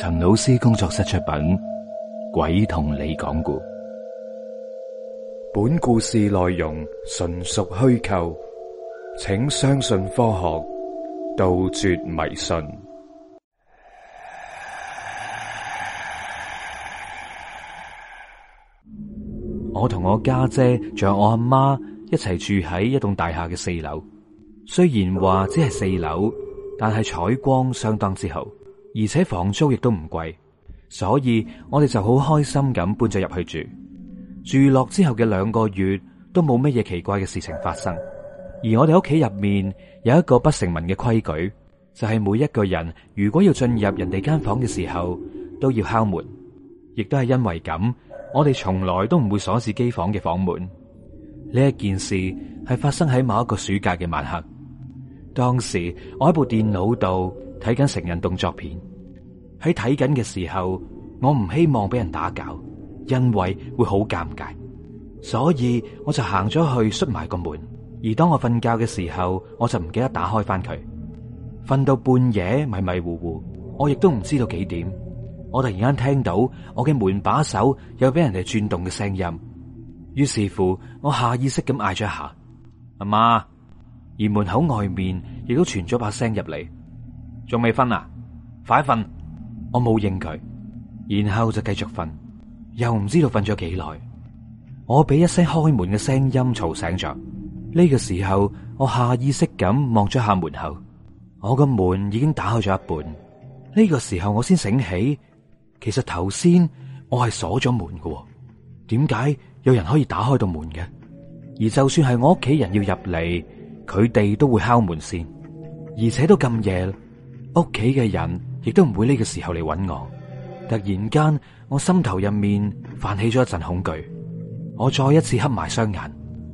陳老師工作室出品，《鬼同你講故》。本故事內容純屬虛構，請相信科學，杜絕迷信。我同我家姐仲有我阿媽一齊住喺一棟大廈嘅四樓。雖然話只係四樓，但係採光相當之好。而且房租亦都唔貴，所以我哋就好開心咁搬咗入去住。住落之後嘅兩個月都冇乜嘢奇怪嘅事情發生。而我哋屋企入面有一個不成文嘅規矩，就係每一個人如果要進入人哋間房嘅時候都要敲門，亦都係因為咁，我哋從來都唔會鎖住機房嘅房門。呢一件事係發生喺某一個暑假嘅晚黑，當時我喺部電腦度睇緊成人動作片。喺睇緊嘅時候，我唔希望俾人打攪，因為會好尷尬，所以我就行咗去閂埋個門。而當我瞓覺嘅時候，我就唔記得打開翻佢。瞓到半夜迷迷糊糊，我亦都唔知道幾點。我突然間聽到我嘅門把手有俾人哋轉動嘅聲音，於是乎我下意識咁嗌咗一下阿媽。媽而門口外面亦都傳咗把聲入嚟，仲未瞓啊，快瞓！我冇應佢，然後就繼續瞓，又唔知道瞓咗幾耐。我俾一聲開門嘅聲音嘈醒着。呢個時候，我下意識咁望咗下門口，我個門已經打開咗一半。呢個時候，我先醒起，其實頭先我係鎖咗門嘅。點解有人可以打開到門嘅？而就算係我屋企人要入嚟，佢哋都會敲門先，而且都咁夜，屋企嘅人。亦都唔會呢個時候嚟揾我。突然間，我心頭入面泛起咗一陣恐懼。我再一次黑埋雙眼，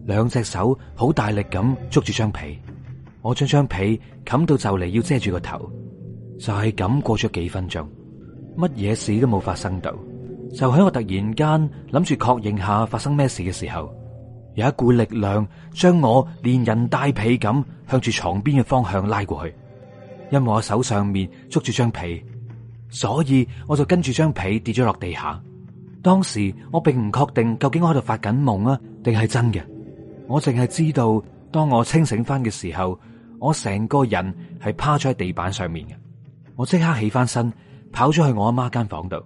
兩隻手好大力咁捉住張被。我將張被冚到就嚟要遮住個頭。就係咁過咗幾分鐘，乜嘢事都冇發生到。就喺我突然間諗住確認下發生咩事嘅時候，有一股力量將我連人帶被咁向住床邊嘅方向拉過去。因為我手上面捉住張被，所以我就跟住張被跌咗落地下。當時我並唔確定究竟我喺度發緊夢啊，定係真嘅。我淨係知道，當我清醒翻嘅時候，我成個人係趴咗喺地板上面嘅。我即刻起翻身，跑咗去我阿媽間房度。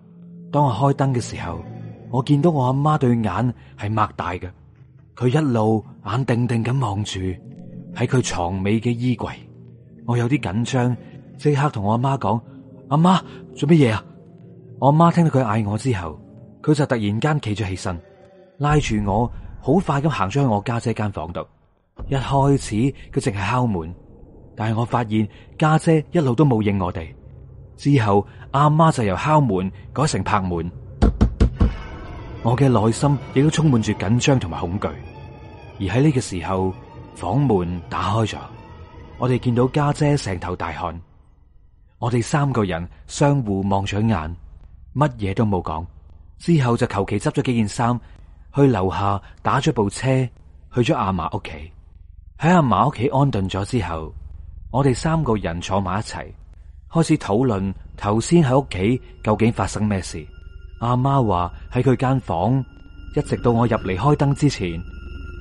當我開燈嘅時候，我見到我阿媽對眼係擘大嘅，佢一路眼定定咁望住喺佢床尾嘅衣櫃。我有啲緊張，即刻同我阿媽講：阿媽，做乜嘢啊？我阿媽聽到佢嗌我之後，佢就突然間企咗起身，拉住我，好快咁行咗去我家姐間房度。一開始佢淨係敲門，但係我發現家姐，姐一路都冇應我哋。之後阿媽就由敲門改成拍門，我嘅內心亦都充滿住緊張同埋恐懼。而喺呢個時候，房門打開咗。我哋見到家姐成頭大汗，我哋三個人相互望咗眼，乜嘢都冇講，之後就求其執咗幾件衫去樓下打咗部車去咗阿嫲屋企。喺阿嫲屋企安頓咗之後，我哋三個人坐埋一齊，開始討論頭先喺屋企究竟發生咩事。阿嫲話喺佢間房，一直到我入嚟開燈之前，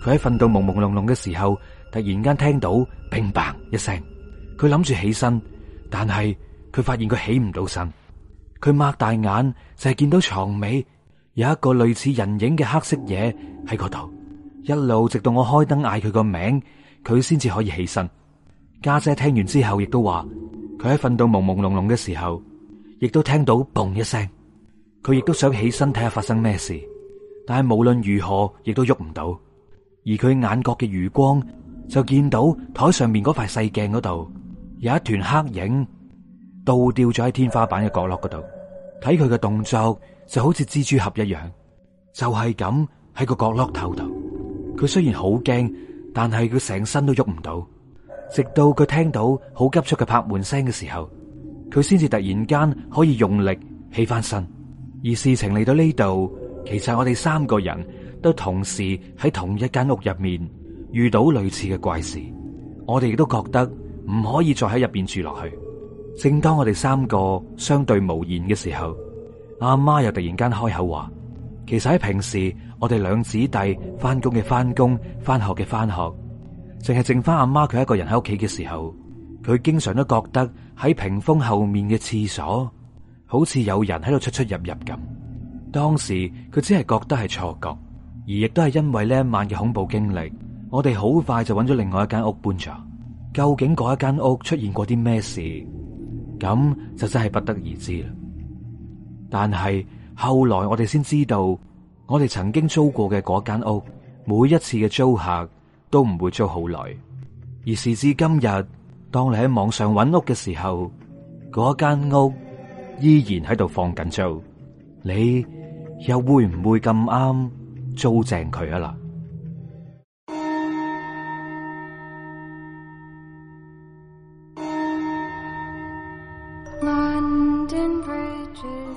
佢喺瞓到朦朦朧朧嘅時候。突然間聽到乒 b 一聲，佢諗住起，起身，但係佢發現佢起唔到身。佢擘大眼就係、是、見到床尾有一個類似人影嘅黑色嘢喺嗰度。一路直，直到我開燈嗌佢個名，佢先至可以起身。家姐，姐聽完之後亦都話，佢喺瞓到朦朦朧朧嘅時候，亦都聽到嘣一聲，佢亦都想起身睇下發生咩事，但係無論如何亦都喐唔到，而佢眼角嘅餘光。就見到台上面嗰塊細鏡嗰度有一團黑影倒吊咗喺天花板嘅角落嗰度，睇佢嘅動作就好似蜘蛛俠一樣，就係咁喺個角落頭度。佢雖然好驚，但係佢成身都喐唔到，直到佢聽到好急促嘅拍門聲嘅時候，佢先至突然間可以用力起翻身。而事情嚟到呢度，其實我哋三個人都同時喺同一間屋入面。遇到類似嘅怪事，我哋亦都覺得唔可以再喺入邊住落去。正當我哋三個相對無言嘅時候，阿媽又突然間開口話：其實喺平時，我哋兩姊弟翻工嘅翻工，翻學嘅翻學，淨係剩翻阿媽佢一個人喺屋企嘅時候，佢經常都覺得喺屏風後面嘅廁所好似有人喺度出出入入咁。當時佢只係覺得係錯覺，而亦都係因為呢一晚嘅恐怖經歷。我哋好快就揾咗另外一間屋搬咗。究竟嗰一間屋出現過啲咩事？咁就真係不得而知啦。但係後來我哋先知道，我哋曾經租過嘅嗰間屋，每一次嘅租客都唔會租好耐。而時至今日，當你喺網上揾屋嘅時候，嗰間屋依然喺度放緊租。你又會唔會咁啱租正佢啊啦？